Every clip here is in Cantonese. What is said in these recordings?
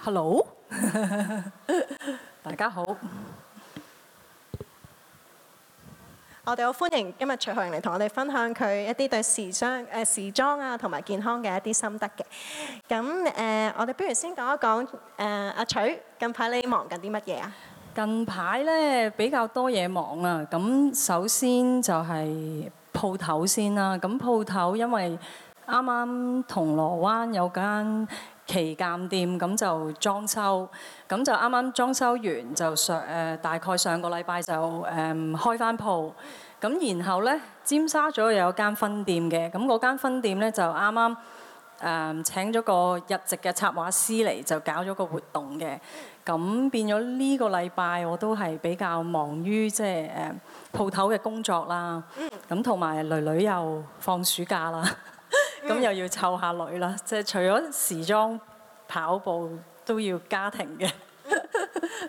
Hello，大家好。我哋好歡迎今日徐濠縈嚟同我哋分享佢一啲對時尚誒時裝啊同埋健康嘅一啲心得嘅。咁誒，我哋不如先講一講誒阿徐近排你忙緊啲乜嘢啊？近排咧比較多嘢忙啊。咁首先就係鋪頭先啦。咁鋪頭因為啱啱銅鑼灣有間。旗艦店咁就裝修，咁就啱啱裝修完就上誒，大概上個禮拜就誒開翻鋪。咁然後咧，尖沙咀又有間分店嘅，咁嗰間分店咧就啱啱誒請咗個日籍嘅插畫師嚟，就搞咗個活動嘅。咁變咗呢個禮拜我都係比較忙於即係誒鋪頭嘅工作啦。咁同埋囡囡又放暑假啦。又要湊下女啦，即係除咗時裝、跑步都要家庭嘅，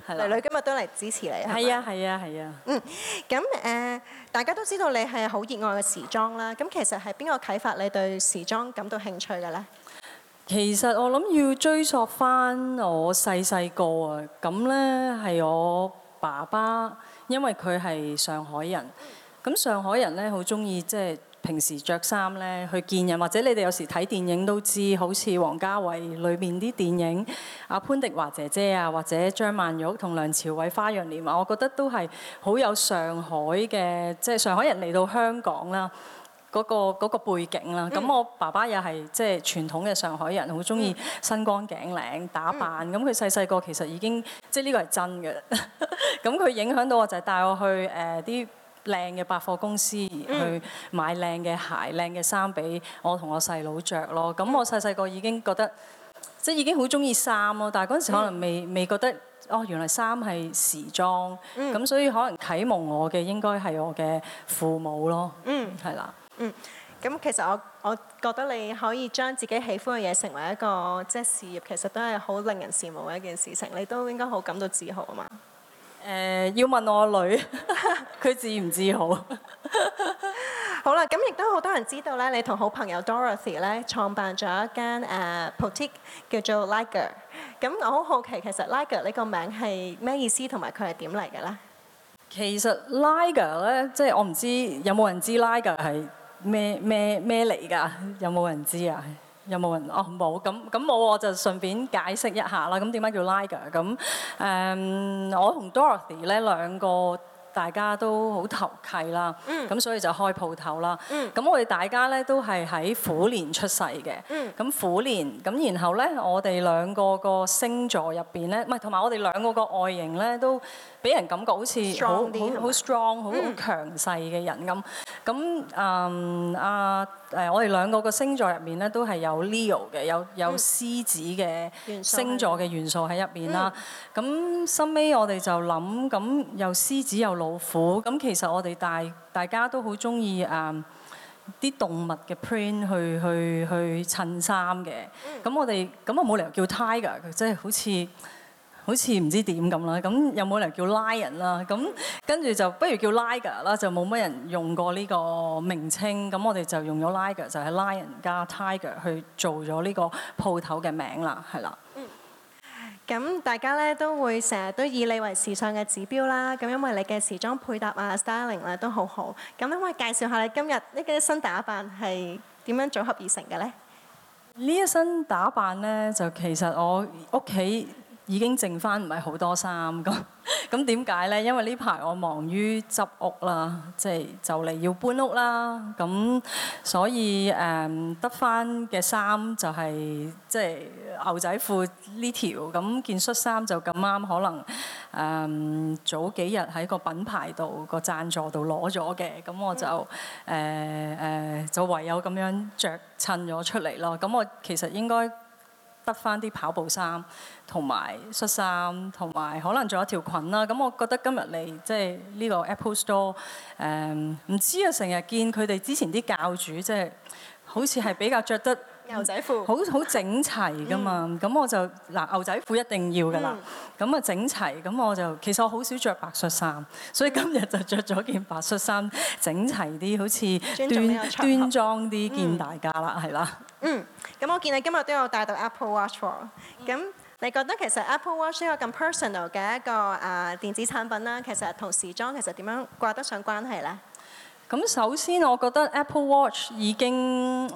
係啦。女女今日都嚟支持你，係啊係啊係啊。嗯，咁誒，大家都知道你係好熱愛嘅時裝啦。咁其實係邊個啟發你對時裝感到興趣嘅咧？其實我諗要追溯翻我細細個啊，咁咧係我爸爸，因為佢係上海人，咁上海人咧好中意即係。平時着衫咧，去見人，或者你哋有時睇電影都知，好似王家衞裏面啲電影，阿潘迪華姐姐啊，或者張曼玉同梁朝偉《花樣年華》，我覺得都係好有上海嘅，即係上海人嚟到香港啦，嗰個嗰個背景啦。咁，嗯，我爸爸又係即係傳統嘅上海人，好中意身光頸靚打扮。咁佢細細個其實已經，即係呢個係真嘅。咁 佢影響到我就係帶我去誒啲，呃靚嘅百貨公司、嗯、去買靚嘅鞋、靚嘅衫俾我同我細佬着咯。咁我細細個已經覺得，即係已經好中意衫咯。但係嗰陣時可能未、嗯、未覺得，哦，原來衫係時裝。咁、嗯、所以可能啟蒙我嘅應該係我嘅父母咯。嗯，係啦。嗯，咁其實我我覺得你可以將自己喜歡嘅嘢成為一個即係、就是、事業，其實都係好令人羨慕嘅一件事情。你都應該好感到自豪啊嘛。誒、uh, 要問我女，佢 自唔自豪？ 好啦，咁亦都好多人知道咧，你同好朋友 Dorothy 咧創辦咗一間誒 boutique 叫做 Liger。咁我好好奇，其實 Liger 呢個名係咩意思，同埋佢係點嚟嘅咧？其實 Liger 咧，即係我唔知有冇人知 Liger 係咩咩咩嚟㗎？有冇人知啊？有冇人？哦，冇咁咁冇，我就順便解釋一下啦。咁點解叫 Liger？咁、um, 誒，我同 Dorothy 咧兩個。大家都好投契啦，咁、嗯、所以就開鋪頭啦。咁、嗯、我哋大家咧都係喺虎年出世嘅。咁虎年，咁然後咧，我哋兩個個星座入邊咧，唔係同埋我哋兩個個外形咧，都俾人感覺好似好好好 strong 好強勢嘅人咁。咁、嗯嗯、啊啊誒，我哋兩個個星座入面咧，都係有 Leo 嘅，有有獅子嘅星座嘅元素喺入邊啦。咁收尾我哋就諗，咁又獅子又老。老虎咁，其實我哋大大家都好中意誒啲動物嘅 print 去去去襯衫嘅。咁、mm. 我哋咁啊冇理由叫 Tiger，佢即係好似好似唔知點咁啦。咁有冇理由叫 Lion 啦？咁跟住就不如叫 Liger 啦，就冇乜人用過呢個名稱。咁我哋就用咗 Liger，就係 Lion 加 Tiger 去做咗呢個鋪頭嘅名啦，係啦。咁大家咧都會成日都以你為時尚嘅指標啦，咁因為你嘅時裝配搭啊、styling 咧 都好好。咁，可唔可以介紹下你今日呢個一身打扮係點樣組合而成嘅咧？呢一身打扮咧，就其實我屋企已經剩翻唔係好多衫咁。 咁點解咧？因為呢排我忙於執屋啦，即係就嚟、是、要搬屋啦，咁所以誒得翻嘅衫就係即係牛仔褲呢條，咁件恤衫就咁啱可能誒、呃、早幾日喺個品牌度、個贊助度攞咗嘅，咁我就誒誒、嗯呃呃、就唯有咁樣着襯咗出嚟咯。咁我其實應該。得翻啲跑步衫，同埋恤衫，同埋可能仲有一條裙啦。咁我覺得今日嚟即係呢個 Apple Store，誒、嗯、唔知啊，成日見佢哋之前啲教主，即、就、係、是、好似係比較着得。牛仔褲好好整齊㗎嘛？咁、嗯、我就嗱牛仔褲一定要㗎啦。咁啊、嗯、整齊，咁我就其實我好少着白恤衫，所以今日就着咗件白恤衫，整齊啲，好似端端莊啲見大家、嗯、啦，係啦。嗯，咁我見你今日都有帶到 Apple Watch 喎。咁、嗯、你覺得其實 Apple Watch 呢個咁 personal 嘅一個誒電子產品啦，其實同時裝其實點樣掛得上關係咧？咁首先我覺得 Apple Watch 已經。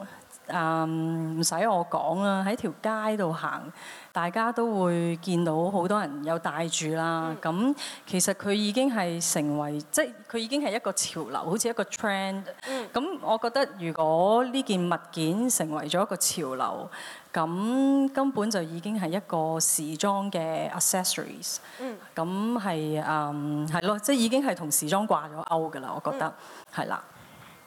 誒唔使我講啊，喺條街度行，大家都會見到好多人有戴住啦。咁、嗯、其實佢已經係成為，即係佢已經係一個潮流，好似一個 trend、嗯。咁我覺得如果呢件物件成為咗一個潮流，咁根本就已經係一個時裝嘅 accessories、嗯。咁係誒，係咯、嗯，即係已經係同時裝掛咗鈎㗎啦。我覺得係啦。嗯。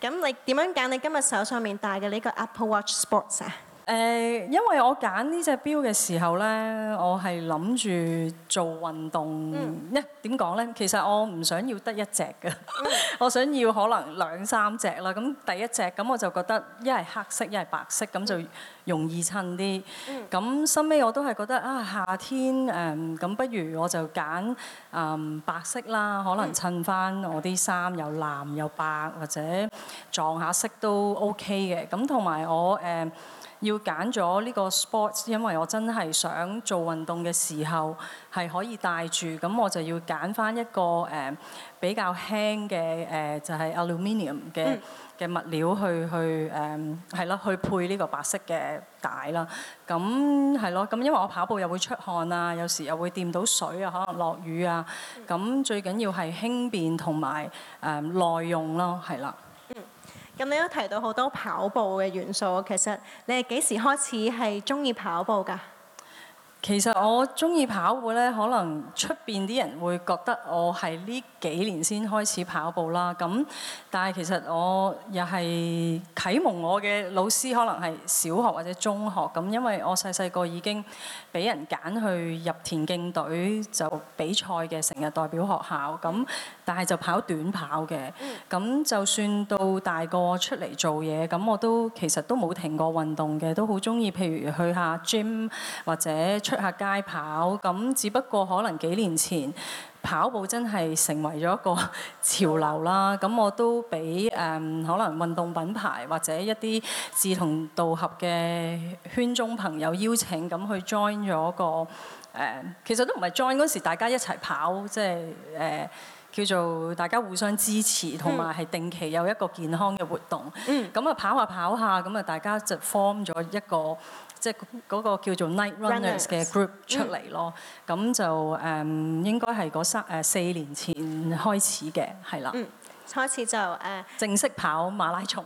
咁你點樣揀你今日手上面戴嘅呢個 Apple Watch Sports 啊？誒，uh, 因為我揀呢隻表嘅時候呢，我係諗住做運動，Yeah, 點講呢，其實我唔想要得一隻嘅，嗯、 我想要可能兩三隻啦。咁第一隻咁我就覺得一係黑色，一係白色，咁就容易襯啲。咁收尾我都係覺得啊，夏天誒，咁、嗯、不如我就揀、嗯、白色啦，可能襯翻我啲衫又藍又白或者撞下色都 O K 嘅。咁同埋我誒。嗯要揀咗呢個 sports，因為我真係想做運動嘅時候係可以戴住，咁我就要揀返一個誒、呃、比較輕嘅誒、呃、就係、是、aluminium 嘅嘅、嗯、物料去去誒係咯，去配呢個白色嘅帶啦。咁係咯，咁因為我跑步又會出汗啊，有時又會掂到水啊，可能落雨啊。咁、嗯、最緊要係輕便同埋誒耐用咯，係、呃、啦。咁你都提到好多跑步嘅元素，其實你係幾時開始係中意跑步㗎？其實我中意跑步呢，可能出邊啲人會覺得我係呢幾年先開始跑步啦。咁，但係其實我又係啟蒙我嘅老師，可能係小學或者中學咁，因為我細細個已經俾人揀去入田徑隊就比賽嘅，成日代表學校咁。但係就跑短跑嘅。咁就算到大個出嚟做嘢，咁我都其實都冇停過運動嘅，都好中意，譬如去下 gym 或者出下街跑，咁只不過可能幾年前跑步真係成為咗一個潮流啦。咁我都俾誒可能運動品牌或者一啲志同道合嘅圈中朋友邀請，咁去 join 咗個誒、呃，其實都唔係 join 嗰時，大家一齊跑，即係誒叫做大家互相支持，同埋係定期有一個健康嘅活動。咁啊、嗯、跑下跑下，咁啊大家就 form 咗一個。即係嗰個叫做 Night Runners 嘅 group 出嚟咯、嗯，咁就誒應該係嗰三誒四年前開始嘅，係啦。嗯，開始就誒、呃、正式跑馬拉松。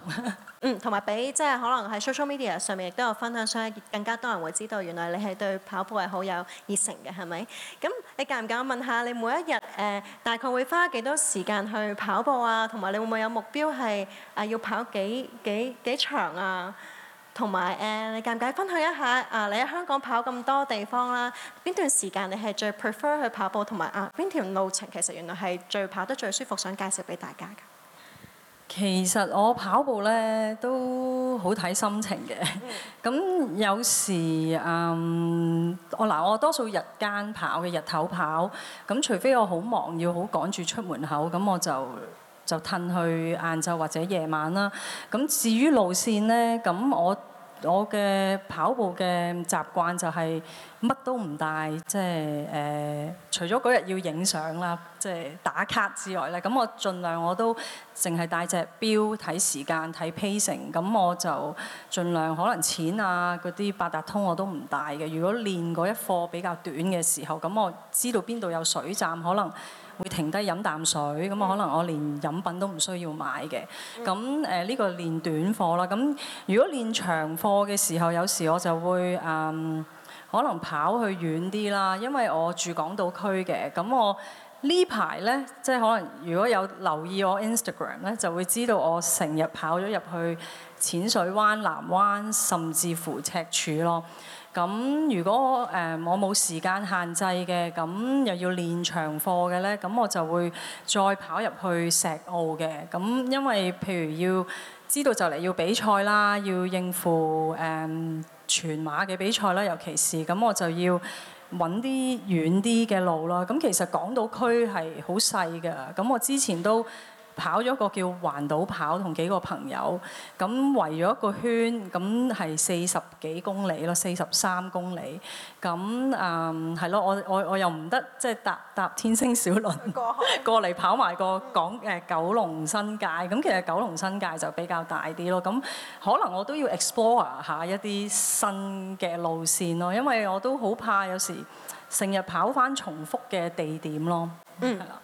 嗯，同埋俾即係可能喺 social media 上面亦都有分享，所以更加多人會知道原來你係對跑步係好有熱誠嘅，係咪？咁你介唔介意我問下你每一日誒、呃、大概會花幾多時間去跑步啊？同埋你會唔會有目標係啊、呃、要跑幾幾幾長啊？同埋誒，你介唔介分享一下啊？你喺香港跑咁多地方啦，邊段時間你係最 prefer 去跑步，同埋啊邊條路程其實原來係最跑得最舒服，想介紹俾大家嘅。其實我跑步咧都好睇心情嘅，咁、嗯、 有時、嗯、我嗱我多數日間跑嘅日頭跑，咁除非我好忙要好趕住出門口，咁我就就褪去晏晝或者夜晚啦。咁至於路線咧，咁我我嘅跑步嘅習慣就係乜都唔帶，即係誒，除咗嗰日要影相啦，即係打卡之外咧，咁我盡量我都淨係帶隻錶睇時間睇 pacing，咁我就盡量可能錢啊嗰啲八達通我都唔帶嘅。如果練嗰一課比較短嘅時候，咁我知道邊度有水站，可能。會停低飲啖水，咁啊可能我連飲品都唔需要買嘅。咁誒呢個練短貨啦。咁如果練長貨嘅時候，有時我就會誒、呃、可能跑去遠啲啦，因為我住港島區嘅。咁我呢排呢，即係可能如果有留意我 Instagram 呢，就會知道我成日跑咗入去淺水灣、南灣，甚至乎赤柱咯。咁如果誒我冇、呃、時間限制嘅，咁又要練長課嘅咧，咁我就會再跑入去石澳嘅。咁因為譬如要知道就嚟要比賽啦，要應付誒、呃、全馬嘅比賽啦，尤其是咁我就要搵啲遠啲嘅路啦。咁其實港島區係好細嘅。咁我之前都跑咗個叫環島跑，同幾個朋友咁圍咗個圈，咁係四十幾公里咯，四十三公里。咁啊，係、嗯、咯，我我我又唔得，即係搭搭天星小輪 過嚟跑埋個港誒、呃、九龍新界。咁其實九龍新界就比較大啲咯。咁可能我都要 explore 下一啲新嘅路線咯，因為我都好怕有時成日跑返重複嘅地點咯。嗯，係啦。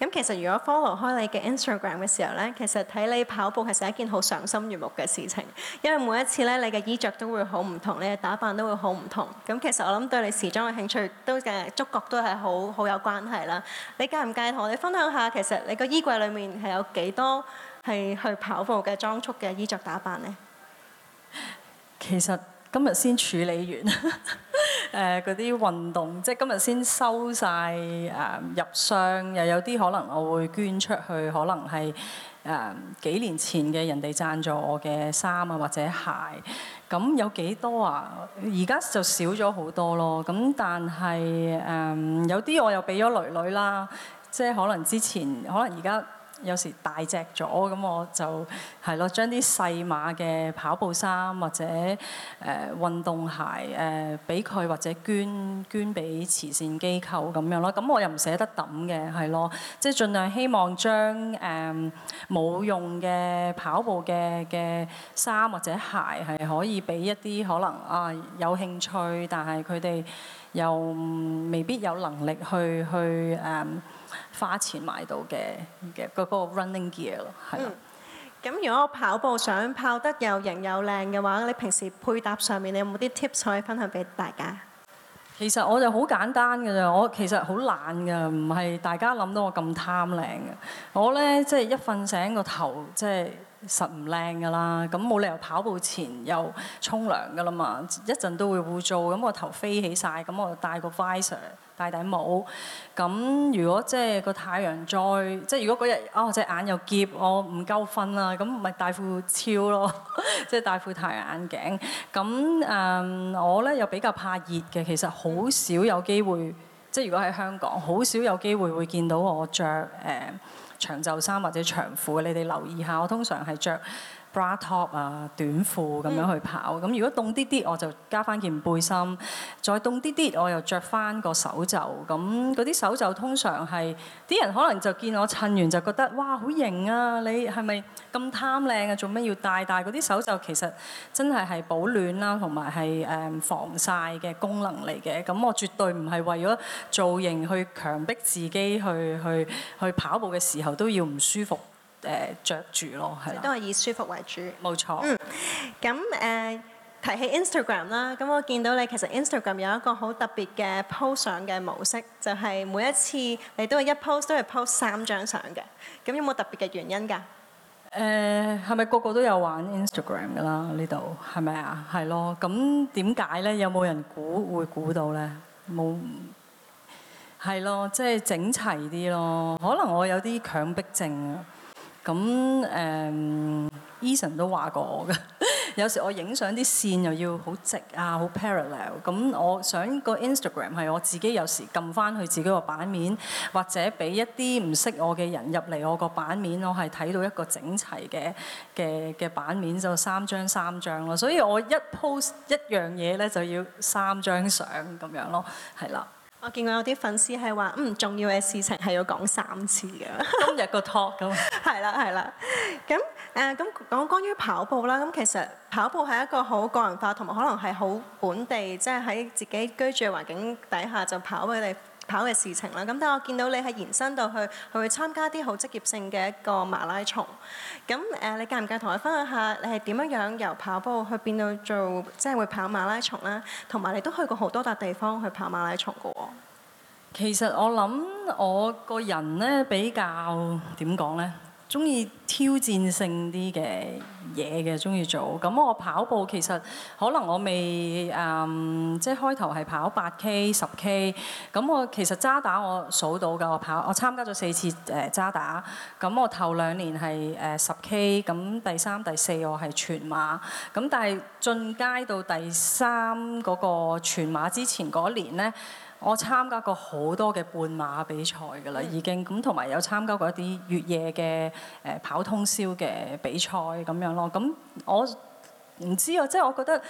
咁其實如果 follow 開你嘅 Instagram 嘅時候呢，其實睇你跑步係成一件好賞心悅目嘅事情，因為每一次呢，你嘅衣着都會好唔同，你嘅打扮都會好唔同。咁其實我諗對你時裝嘅興趣都嘅觸覺都係好好有關係啦。你介唔介意同我哋分享下，其實你個衣櫃裏面係有幾多係去跑步嘅裝束嘅衣着打扮呢？其實今日先處理完。 誒嗰啲運動，即係今日先收晒誒、呃、入箱，又有啲可能我會捐出去，可能係誒、呃、幾年前嘅人哋贊助我嘅衫啊或者鞋，咁有幾多啊？而家就少咗好多咯。咁但係誒、呃、有啲我又俾咗囡囡啦，即係可能之前，可能而家。有時大隻咗，咁我就係咯，將啲細碼嘅跑步衫或者誒、呃、運動鞋誒俾佢，或者捐捐俾慈善機構咁樣咯。咁我又唔捨得抌嘅，係咯，即係、就是、盡量希望將誒冇用嘅跑步嘅嘅衫或者鞋係可以俾一啲可能啊、呃、有興趣，但係佢哋又未必有能力去去誒，呃花錢買到嘅嘅嗰個 running gear 咯，係啦。咁，嗯，如果我跑步想跑得又型又靚嘅話，你平時配搭上面你有冇啲 tips 可以分享俾大家？其實我就好簡單㗎咋，我其實好懶㗎，唔係大家諗到我咁貪靚㗎。我咧即係一瞓醒個頭即係。即係實唔靚㗎啦，咁冇理由跑步前又沖涼㗎啦嘛，一陣都會污糟，咁我頭飛起晒，咁我就戴個 visor 戴頂帽，咁如果即係個太陽再即係如果嗰日哦隻眼又澀，我唔夠瞓啦，咁咪戴副超咯，即 係戴副太陽眼鏡。咁誒、嗯、我咧又比較怕熱嘅，其實好少有機會，即係如果喺香港好少有機會會見到我着。誒、呃。長袖衫或者長褲，你哋留意下。我通常係著。bra top 啊，短褲咁樣去跑，咁、嗯、如果凍啲啲，我就加翻件背心；再凍啲啲，我又着翻個手袖。咁嗰啲手袖通常係啲人可能就見我襯完就覺得哇好型啊！你係咪咁貪靚啊？做咩要戴戴嗰啲手袖？其實真係係保暖啦、啊，同埋係誒防曬嘅功能嚟嘅。咁我絕對唔係為咗造型去強迫自己去去去，去跑步嘅時候都要唔舒服。誒著、呃、住咯，係都係以舒服為主，冇錯。咁誒、嗯呃、提起 Instagram 啦，咁我見到你其實 Instagram 有一個好特別嘅 po 相嘅模式，就係、是、每一次你都係一 po 都係 po 三張相嘅。咁有冇特別嘅原因㗎？誒係咪個個都有玩 Instagram 㗎啦？呢度係咪啊？係咯。咁點解咧？有冇人估會估到咧？冇係咯，即係、就是、整齊啲咯。可能我有啲強迫症啊。咁誒，Eason 都話過我㗎， 有時我影相啲線又要好直啊，好 parallel。咁我想個 Instagram 係我自己有時撳翻去自己個版面，或者俾一啲唔識我嘅人入嚟我個版面，我係睇到一個整齊嘅嘅嘅版面，就三張三張咯。所以我一 post 一樣嘢咧，就要三張相咁樣咯，係啦。我見過有啲粉絲係話，嗯，重要嘅事情係要講三次嘅。 今日個 talk 咁。 係啦，係啦。咁、呃、誒，咁講關於跑步啦。咁其實跑步係一個好個人化，同埋可能係好本地，即係喺自己居住的環境底下就跑步。跑嘅事情啦，咁但係我見到你係延伸到去去參加啲好職業性嘅一個馬拉松，咁誒，你介唔介同我分享下你係點樣樣由跑步去變到做即係會跑馬拉松啦？同埋你都去過好多笪地方去跑馬拉松噶喎。其實我諗我個人咧比較點講咧？中意挑戰性啲嘅嘢嘅，中意做。咁我跑步其實可能我未誒、嗯，即係開頭係跑八 K、十 K。咁我其實渣打我數到㗎，我跑我參加咗四次誒、呃、渣打。咁我頭兩年係誒十 K，咁第三、第四我係全馬。咁但係進階到第三嗰個全馬之前嗰年咧。我參加過好多嘅半馬比賽㗎啦，已經咁，同埋有參加過一啲越野嘅誒跑通宵嘅比賽咁樣咯。咁我唔知啊，即係我覺得誒、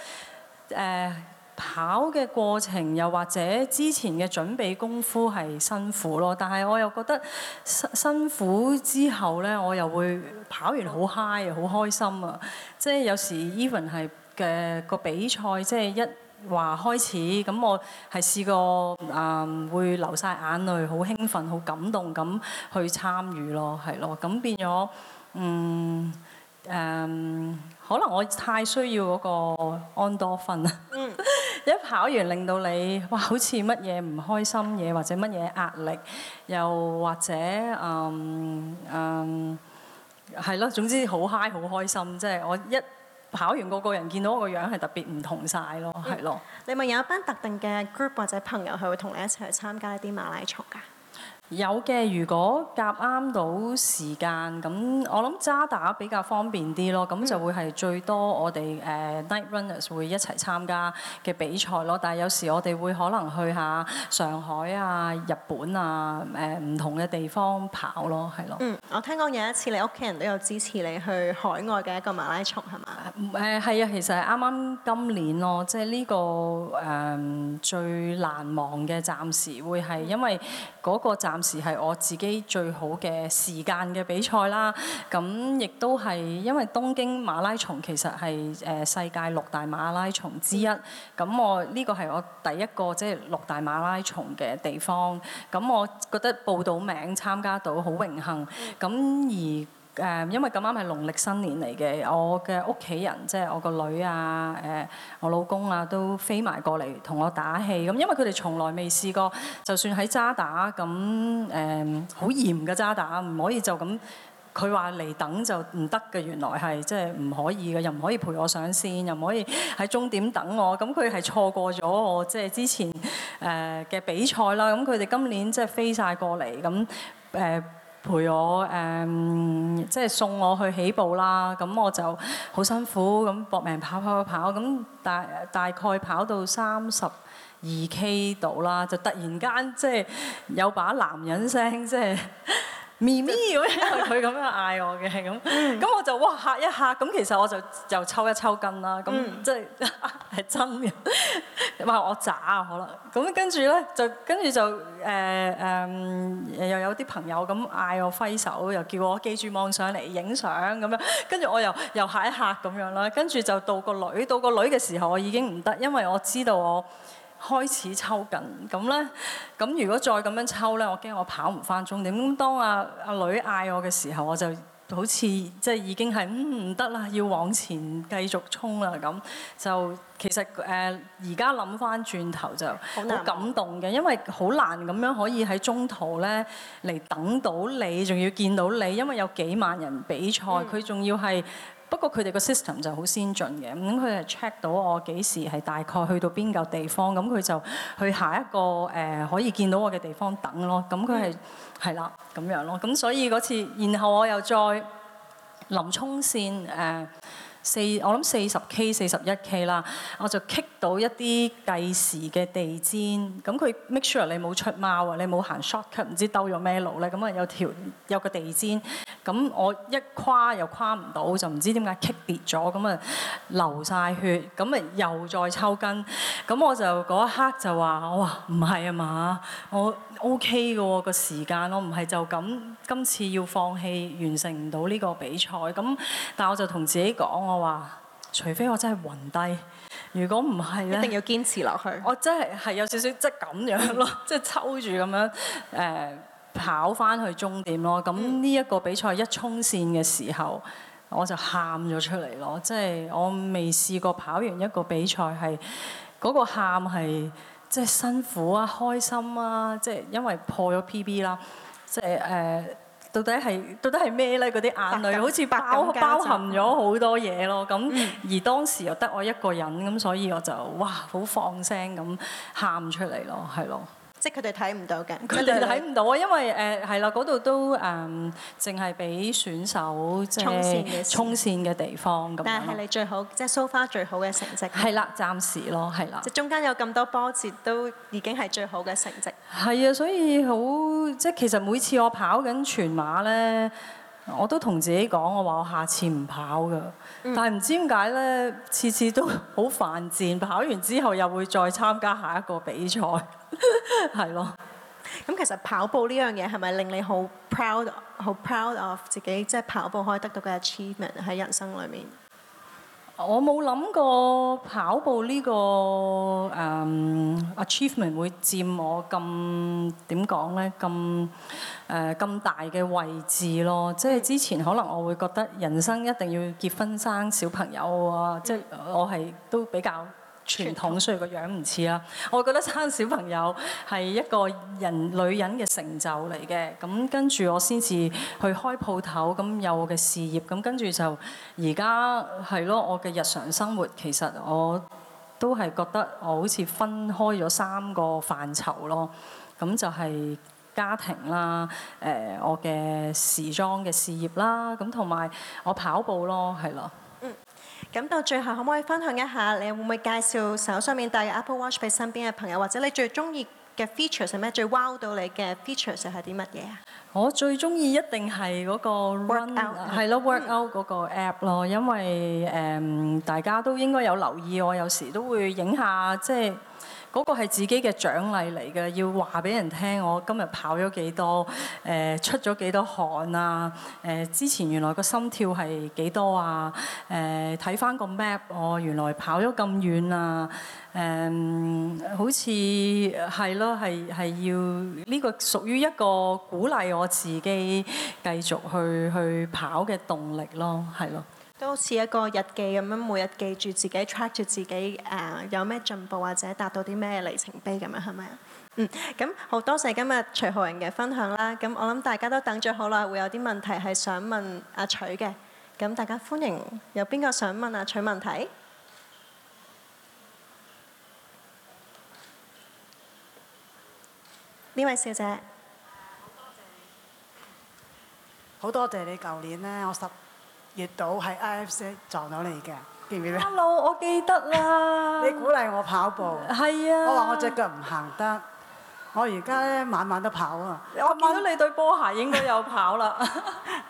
呃、跑嘅過程，又或者之前嘅準備功夫係辛苦咯。但係我又覺得辛辛苦之後咧，我又會跑完好嗨呀，好開心啊！即係有時 even 係嘅個比賽，即係一。話開始咁，我係試過誒、嗯、會流晒眼淚，好興奮，好感動咁去參與咯，係咯，咁變咗嗯誒、嗯，可能我太需要嗰個安多芬啊， 一跑完令到你哇，好似乜嘢唔開心嘢或者乜嘢壓力，又或者誒誒係咯，總之好嗨，好開心，即係我一。跑完個個人見到我個樣係特別唔同晒咯，係咯、嗯。的你問有一班特定嘅 group 或者朋友係會同你一齊去參加一啲馬拉松㗎？有嘅，如果夾啱到時間，咁我諗渣打比較方便啲咯。咁就會係最多我哋誒、uh, Night Runners 會一齊參加嘅比賽咯。但係有時我哋會可能去下上海啊、日本啊誒、呃、唔同嘅地方跑咯，係咯。嗯，我聽講有一次你屋企人都有支持你去海外嘅一個馬拉松係嘛？誒係啊，其實係啱啱今年咯，即係呢個誒、呃、最難忘嘅暫時會係因為。嗰個暫時係我自己最好嘅時間嘅比賽啦，咁亦都係因為東京馬拉松其實係誒、呃、世界六大馬拉松之一，咁我呢、這個係我第一個即係、就是、六大馬拉松嘅地方，咁我覺得報到名參加到好榮幸，咁而。誒，因為咁啱係農曆新年嚟嘅，我嘅屋企人即係我個女啊、誒、呃，我老公啊，都飛埋過嚟同我打氣。咁因為佢哋從來未試過，就算喺渣打咁誒，好嚴嘅渣打，唔、呃、可以就咁。佢話嚟等就唔得嘅，原來係即係唔可以嘅，又唔可以陪我上線，又唔可以喺終點等我。咁佢係錯過咗我即係之前誒嘅、呃、比賽啦。咁佢哋今年即係飛晒過嚟，咁誒。呃陪我誒、嗯，即係送我去起步啦。咁我就好辛苦咁搏命跑跑跑跑。咁大大概跑到三十二 K 度啦，就突然間即係有把男人聲即係。 咪咪咁樣，佢咁樣嗌我嘅，咁咁 我就哇嚇一嚇，咁其實我就又抽一抽筋啦，咁、嗯、即係係真嘅，唔 我渣啊可能，咁跟住咧就跟住就誒誒、呃呃、又有啲朋友咁嗌我揮手，又叫我記住望上嚟影相咁樣，跟住我又又嚇一嚇咁樣啦，跟住就到個女，到個女嘅時候我已經唔得，因為我知道我。開始抽緊，咁咧，咁如果再咁樣抽咧，我驚我跑唔翻終點。咁當阿、啊啊、女嗌我嘅時候，我就好似即係已經係唔得啦，要往前繼續衝啦。咁就其實誒，而家諗翻轉頭就好感動嘅，因為好難咁樣可以喺中途咧嚟等到你，仲要見到你，因為有幾萬人比賽，佢仲、嗯、要係。不過佢哋個 system 就好先進嘅，咁佢係 check 到我幾時係大概去到邊個地方，咁佢就去下一個誒可以見到我嘅地方等咯。咁佢係係啦咁樣咯。咁所以嗰次，然後我又再臨沖線誒。呃四我諗四十 K 四十一 K 啦，我就棘到一啲計時嘅地氈，咁佢 make sure 你冇出貓啊，你冇行 short，佢唔知兜咗咩路咧，咁啊有條有個地氈，咁我一跨又跨唔到，就唔知點解棘跌咗，咁啊流晒血，咁啊又再抽筋，咁我就嗰一刻就話：我話唔係啊嘛，我。O K 嘅喎，個時間，我唔係就咁今次要放棄，完成唔到呢個比賽。咁但係我就同自己講，我話除非我真係暈低，如果唔係一定要堅持落去。我真係係有少少即係咁樣咯，即係 抽住咁樣誒、呃、跑翻去終點咯。咁呢一個比賽一衝線嘅時候，我就喊咗出嚟咯。即係我未試過跑完一個比賽係嗰個喊係。即係辛苦啊，開心啊，即係因為破咗 PB 啦，即係誒，到底係到底係咩咧？嗰啲眼淚百感交集，好似包包含咗好多嘢咯，咁、嗯、而當時又得我一個人，咁所以我就哇好放聲咁喊出嚟咯，係咯。即佢哋睇唔到嘅，佢哋睇唔到啊！因為誒係啦，嗰、呃、度都誒淨係俾選手即係衝線嘅地方咁，但係是樣你最好即係 so far 最好嘅成績。係啦，暫時咯，係啦。即係中間有咁多波折，都已經係最好嘅成績。係啊，所以好即係其實每次我跑緊全馬咧。我都同自己講，我話我下次唔跑噶，嗯、但係唔知點解呢，次次都好犯賤，跑完之後又會再參加下一個比賽，係 咯。咁其實跑步呢樣嘢係咪令你好 proud，好 proud of 自己，即係跑步可以得到嘅 achievement 喺人生裏面？我冇諗過跑步呢個誒 achievement，會佔我咁，點講呢？咁誒，咁大嘅位置咯，即係之前可能我會覺得人生一定要結婚生小朋友啊，嗯、即係我係都比較。傳統，所以個樣唔似啦。我覺得生小朋友係一個人女人嘅成就嚟嘅。咁跟住我先至去開鋪頭，咁有我嘅事業。咁跟住就而家係咯，我嘅日常生活其實我都係覺得我好似分開咗三個範疇咯。咁就係家庭啦，誒、呃、我嘅時裝嘅事業啦，咁同埋我跑步咯，係咯。咁到最後，可唔可以分享一下？你會唔會介紹手上面戴嘅 Apple Watch 俾身邊嘅朋友，或者你最中意嘅 features 係咩？最 wow 到你嘅 features 係啲乜嘢啊？我最中意一定係嗰個 work out 係咯，work out 嗰個 app 咯，因為誒大家都應該有留意，我有時都會影下即係。嗰個係自己嘅獎勵嚟嘅，要話俾人聽，我今日跑咗幾多？誒、呃、出咗幾多汗啊？誒、呃、之前原來個心跳係幾多啊？誒睇翻個 map，我原來跑咗咁遠啊！誒、呃、好似係咯，係係要呢、這個屬於一個鼓勵我自己繼續去去跑嘅動力咯，係咯。都似一個日記咁樣，每日記住自己，track 住自己，誒、呃，有咩進步或者達到啲咩里程碑咁樣，係咪啊？嗯，咁好多謝今日徐濠縈嘅分享啦。咁我諗大家都等咗好耐，會有啲問題係想問阿徐嘅。咁大家歡迎有邊個想問阿徐問題？呢位小姐，好、uh, 多謝你。好多謝你，舊年呢，我十。熱到喺 IFC 撞到你嘅，記唔記得？Hello，我記得啦。 你鼓勵我跑步。係啊。我話我隻腳唔行得，我而家咧晚晚都跑啊。我見看到慢你對波鞋應該有跑啦。呢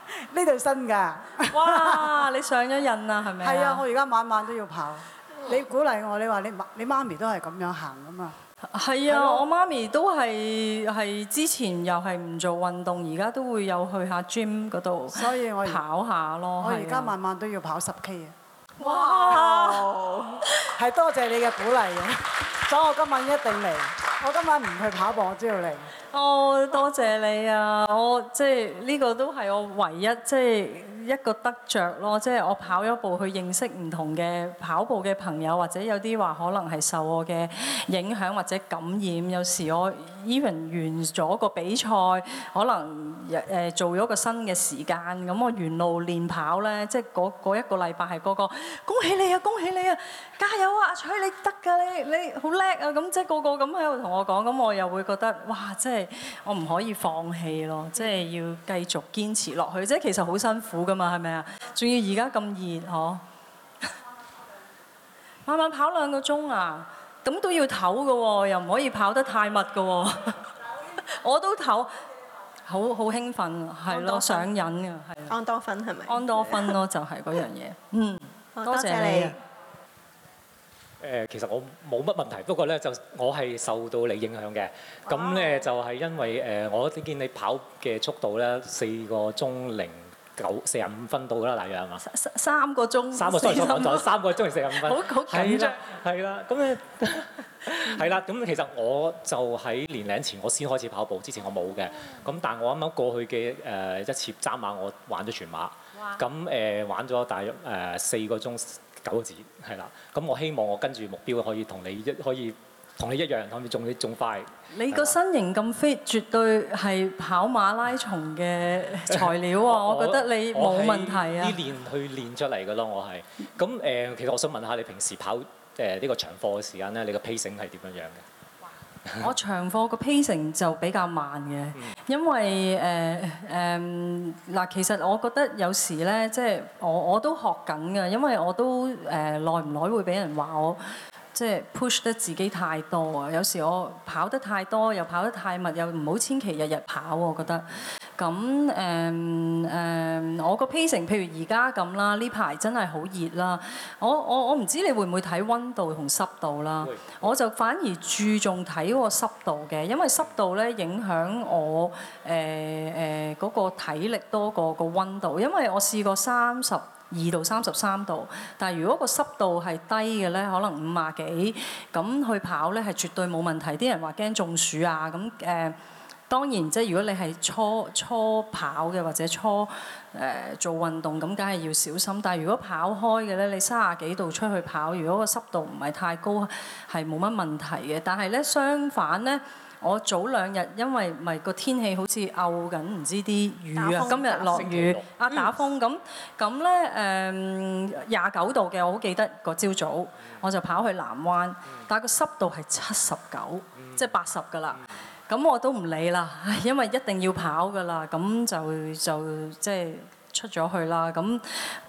對 新㗎。 哇！你上咗癮啊，係咪啊？係 啊，我而家晚晚都要跑。你鼓勵我，你話你，你媽你媽咪都係咁樣行㗎嘛？係啊，啊我媽咪都係係之前又係唔做運動，而家都會有去下 gym 嗰度，所以我跑下咯。我而家晚晚都要跑十 k 啊！哇，係 多謝你嘅鼓勵啊！ 所以我今晚一定嚟。我今晚唔去跑步，我知道嚟。哦，多謝你啊！ 我即係呢個都係我唯一即係。即係一個得着咯，即係我跑咗步去認識唔同嘅跑步嘅朋友，或者有啲話可能係受我嘅影響或者感染，有時我。Even 完咗個比賽，可能誒做咗個新嘅時間，咁我沿路練跑咧，即係嗰嗰一個禮拜係個個恭喜你啊，恭喜你啊，加油啊，阿彩你得㗎，你你好叻啊，咁即係個個咁喺度同我講，咁我又會覺得哇，即係我唔可以放棄咯，即係要繼續堅持落去，即係其實好辛苦㗎嘛，係咪啊？仲要而家咁熱呵，慢慢跑兩個鐘啊！咁都要唞㗎喎，又唔可以跑得太密㗎喎。我都唞，好好興奮呀，係咯，上癮呀，係。安多芬係咪？安多芬咯，就係嗰樣嘢。嗯，多謝你。誒，其實我冇乜問題，不過咧就我係受到你影響嘅。咁咧就係因為誒，我見你跑嘅速度咧，四個鐘零，九四十五分到㗎啦，大概係嘛？三個鐘，三個，所三個鐘係四十五分。好好 緊張，係啦。咁誒，係啦。咁 其實我就喺年零前，我先開始跑步，之前我冇嘅。咁、嗯、但係我啱啱過去嘅誒、呃、一次渣馬，我玩咗全馬。咁誒哇、呃、玩咗大約誒四、呃、個鐘九個字，係啦。咁我希望我跟住目標可以同你一可以。可以同你一樣，我咪仲你仲快。你個身形咁 fit，絕對係跑馬拉松嘅材料啊！我覺得你冇問題啊。啲練去練出嚟㗎咯，我係。咁誒，其實我想問下你平時跑誒呢個長課嘅時間咧，你個 pacing 係點樣樣嘅？我長課個 pacing 就比較慢嘅，因為誒誒嗱，其實我覺得有時咧，即係我我都學緊嘅，因為我都誒耐唔耐會俾人話我。即係 push 得自己太多啊！有時我跑得太多，又跑得太密，又唔好千祈日日跑。我覺得咁誒誒，我個 pacing 譬如而家咁啦，呢排真係好熱啦。我我我唔知你會唔會睇温度同濕度啦。我就反而注重睇個濕度嘅，因為濕度咧影響我誒誒嗰個體力多過個温度，因為我試過三十。二到三十三度，但係如果個濕度係低嘅呢，可能五啊幾咁去跑呢，係絕對冇問題。啲人話驚中暑啊，咁誒、呃、當然即係如果你係初初跑嘅或者初誒、呃、做運動咁，梗係要小心。但係如果跑開嘅呢，你三十幾度出去跑，如果個濕度唔係太高，係冇乜問題嘅。但係呢，相反呢。我早兩日，因為咪個天氣好似漚緊，唔知啲雨啊。風今日落雨啊，打風咁咁咧誒，廿九、嗯嗯、度嘅，我好記得、個朝早，嗯、我就跑去南灣，嗯、但係個濕度係七十九，即係八十㗎啦。咁、嗯、我都唔理啦，因為一定要跑㗎啦。咁就就，就即係出咗去啦。咁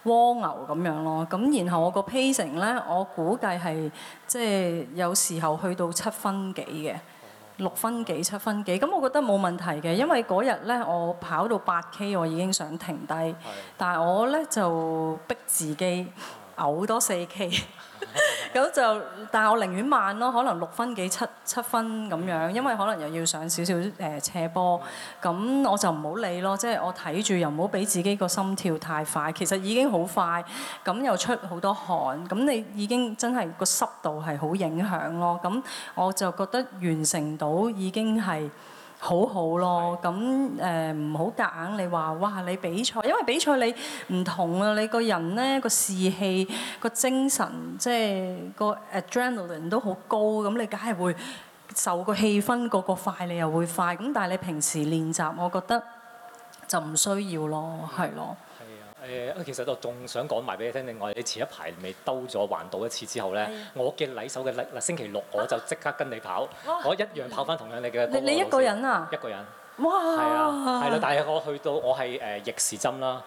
蝸牛咁樣咯。咁然後我個 pace 咧，我估計係即係有時候去到七分幾嘅。六分幾七分幾？咁我覺得冇問題嘅，因為嗰日咧我跑到八 K，我已經想停低，是的 但係我咧就逼自己。嘔多四 K，咁 就，但係我寧願慢咯，可能六分幾七七分咁樣，因為可能又要上少少誒、呃、斜坡，咁、嗯、我就唔好理咯，即、就、係、是、我睇住又唔好俾自己個心跳太快，其實已經好快，咁又出好多汗，咁你已經真係個濕度係好影響咯，咁我就覺得完成到已經係。好好咯，咁誒唔好夾硬你話哇你比賽，因為比賽你唔同啊，你個人咧個士氣、個精神，即係個 adrenaline 都好高，咁你梗係會受個氣氛，個個快你又會快，咁但係你平時練習，我覺得就唔需要咯，係咯。誒，其實我仲想講埋俾你聽。另外，你前一排咪兜咗環島一次之後咧，我嘅禮首嘅嗱嗱星期六我就即刻跟你跑，我一樣跑翻同樣你嘅。你你一個人啊？一個人。哇！係啊，係啦，但係我去到我係誒逆時針啦，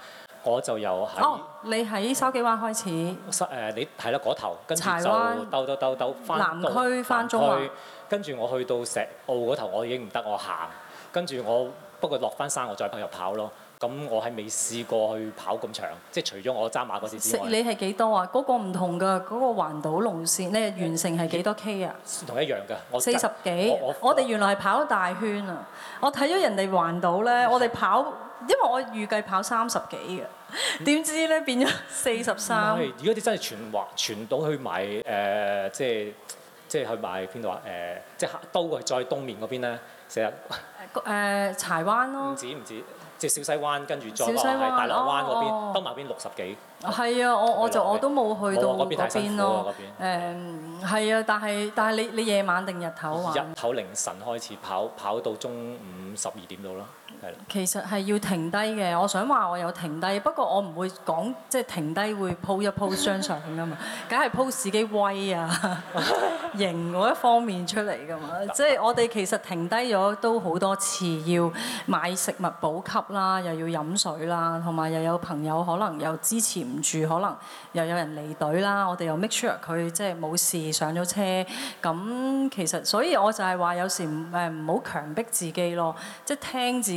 我就由喺你喺筲箕灣開始。筲你係啦嗰頭，跟住就兜兜兜兜翻南區翻中環，跟住我去到石澳嗰頭，我已經唔得，我行，跟住我不過落翻山，我再入跑咯。咁我係未試過去跑咁長，即係除咗我揸馬嗰時之外。你係幾多啊？嗰個唔同噶，嗰個環島路線，你完成係幾多 K 啊？同一樣噶，我四十幾。我哋原來係跑大圈啊！我睇咗人哋環島咧， 我哋跑，因為我預計跑三十幾嘅，點知咧變咗四十三。如果你真係全環全島去買誒，即係即係去買邊度啊？誒，即係都係再東面嗰邊咧，成日誒柴灣咯。唔止唔止。即係小西灣，跟住再落去大浪灣嗰邊，東馬、哦、邊六十幾。係啊，我我就我都冇去到嗰邊咯。誒、啊，係啊、嗯嗯、啊，但係但係你你夜晚定日頭啊？日頭凌晨開始跑，跑到中午十二點到啦。其實係要停低嘅，我想話我有停低，不過我唔會講即係停低會 po 一 po 商張相㗎嘛，梗係 po 自己威啊 型嗰一方面出嚟㗎嘛，即係 我哋其實停低咗都好多次，要買食物補給啦，又要飲水啦，同埋又有朋友可能又支持唔住，可能又有人離隊啦，我哋又 make sure 佢即係冇事上咗車，咁其實所以我就係話有時誒唔好強迫自己咯，即係聽自。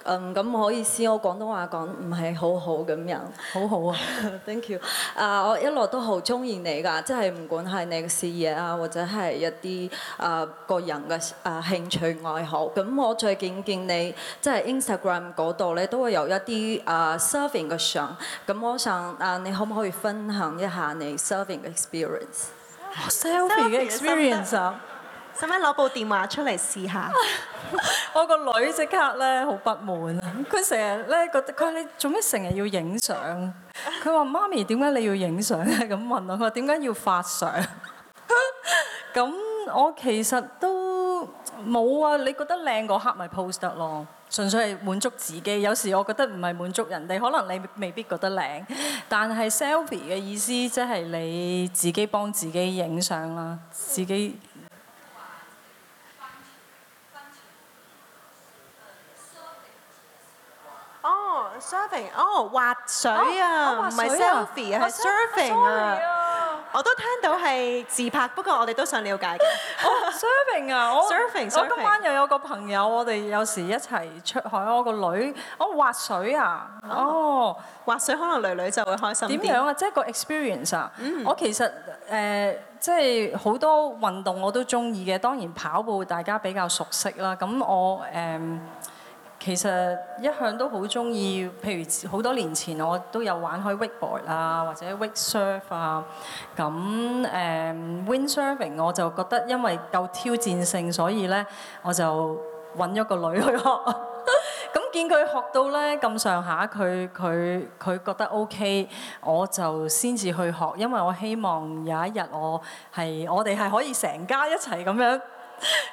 嗯，咁唔好意思，我廣東話講唔係好好咁樣，好好啊，thank you。啊，我一路都好中意你㗎，即係唔管係你嘅事業啊，或者係一啲啊個人嘅啊興趣愛好。咁我再見見你，即係 Instagram 嗰度咧都會有一啲啊 surfing 嘅相。咁我想啊，你可唔可以分享一下你 surfing 嘅 experience？surfing 嘅 experience 啊？使唔使攞部電話出嚟試下？我個女即刻咧好不滿，佢成日咧覺得佢話你做咩成日要影相？佢話媽咪點解你要影相咧？咁問我，佢話點解要發相？咁我其實都冇啊。你覺得靚嗰刻咪 post 得咯，純粹係滿足自己。有時我覺得唔係滿足人哋，可能你未必覺得靚，但係 selfie 嘅意思即係你自己幫自己影相啦，自己。滑水啊，唔係 selfie 啊，係 surfing 啊，我都聽到係自拍，不過我哋都想了解嘅。 surfing、oh，啊， 我 surfing，我今晚又有個朋友，我哋有時一齊出海，我個女我、哦、滑水啊，哦、oh，滑水可能女女就會開心啲。點樣啊？即、就、係、是、個 experience 啊。嗯、我其實誒，即係好多運動我都中意嘅，當然跑步大家比較熟悉啦。咁我誒。呃其實一向都好中意，譬如好多年前我都有玩開 wakeboard 啊，或者 wake surf 啊。咁誒、um, wind surfing 我就覺得因為夠挑戰性，所以咧我就揾咗個女去學。咁 見佢學到咧咁上下，佢佢佢覺得 OK，我就先至去學，因為我希望有一日我係我哋係可以成家一齊咁樣。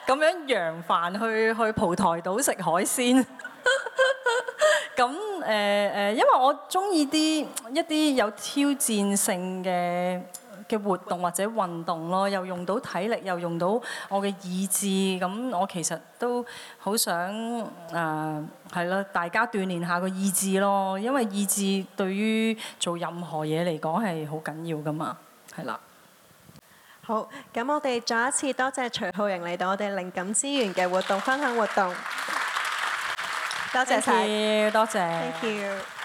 咁樣揚帆去去蒲台島食海鮮，咁誒誒，因為我中意啲一啲有挑戰性嘅嘅活動或者運動咯，又用到體力，又用到我嘅意志，咁我其實都好想誒，係、呃、咯，大家鍛鍊下個意志咯，因為意志對於做任何嘢嚟講係好緊要㗎嘛，係啦。好，咁我哋再一次多謝徐濠縈嚟到我哋靈感之源嘅活動分享活動， 多謝晒！多謝。Thank you！